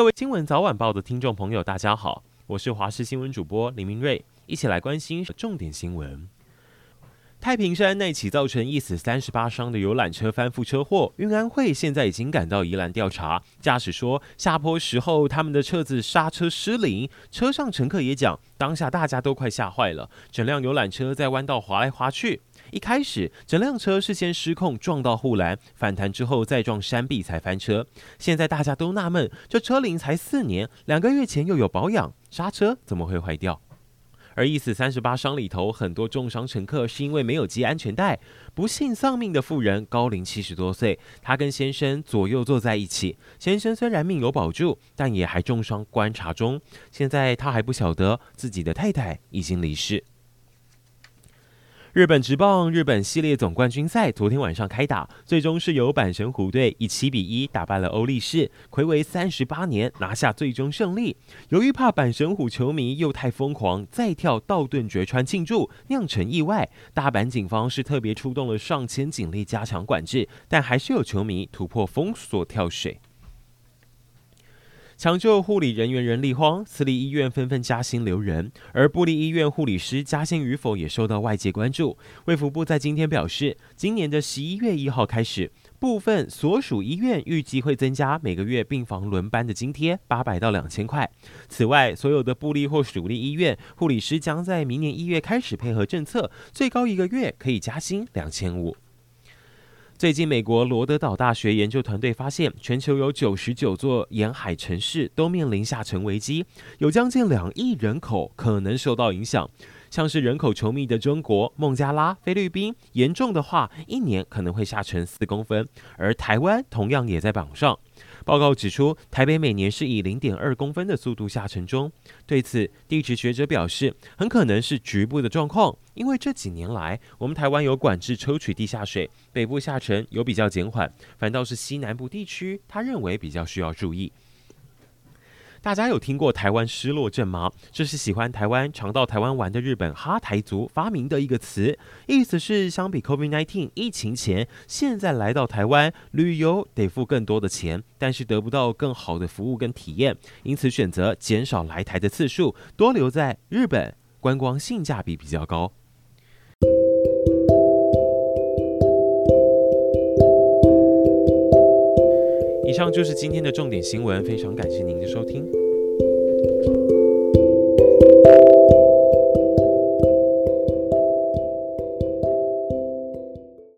各位《新聞早晚報》的聽眾朋友，大家好，我是華視新聞主播林明瑞，一起來關心重點新聞。太平山那起造成一死三十八傷的遊覽車翻覆車禍，運安會現在已經趕到宜蘭調查。駕駛說下坡時候他們的車子剎車失靈，車上乘客也講當下大家都快嚇壞了，整輛遊覽車在彎道滑來滑去。一開始，整輛車是先失控撞到護欄，反彈之後再撞山壁才翻車。現在大家都納悶，這車齡才四年，兩個月前又有保養，剎車怎麼會壞掉？而一死三十八傷裡頭，很多重傷乘客是因為沒有繫安全帶，不幸喪命的婦人高齡七十多歲，她跟先生左右坐在一起。先生雖然命有保住，但也還重傷觀察中。現在他還不曉得自己的太太已經離世。日本職棒，日本系列總冠軍賽昨天晚上開打，最終是由阪神虎隊以七比一打敗了歐力士，睽違三十八年拿下最終勝利。由於怕阪神虎球迷又太瘋狂，再跳道頓堀川慶祝釀成意外，大阪警方是特別出動了上千警力加強管制，但還是有球迷突破封鎖跳水。搶救護理人員人力荒，私立醫院紛紛加薪留人，而部立醫院護理師加薪與否也受到外界關注。衛福部在今天表示，今年的十一月一號開始，部分所屬醫院預計會增加每個月病房輪班的津貼八百到兩千塊。此外，所有的部立或屬立醫院護理師將在明年一月開始配合政策，最高一個月可以加薪兩千五。最近，美國羅德島大學研究團隊發現，全球有九十九座沿海城市都面臨下沉危機，有將近兩億人口可能受到影響。像是人口稠密的中國、孟加拉、菲律賓，嚴重的話，一年可能會下沉四公分。而台灣同樣也在榜上。報告指出，台北每年是以零點二公分的速度下沉中。對此，地質學者表示，很可能是局部的狀況，因為這幾年來，我們台灣有管制抽取地下水，北部下沉有比較減緩，反倒是西南部地區，他認為比較需要注意。大家有聽過台灣失落症嗎？這是喜歡台灣、常到台灣玩的日本哈台族發明的一個詞，意思是相比 COVID-19 疫情前，現在來到台灣旅遊得付更多的錢，但是得不到更好的服務跟體驗，因此選擇減少來台的次數，多留在日本觀光，性價比比較高。以上就是今天的重點新聞，非常感謝您的收聽。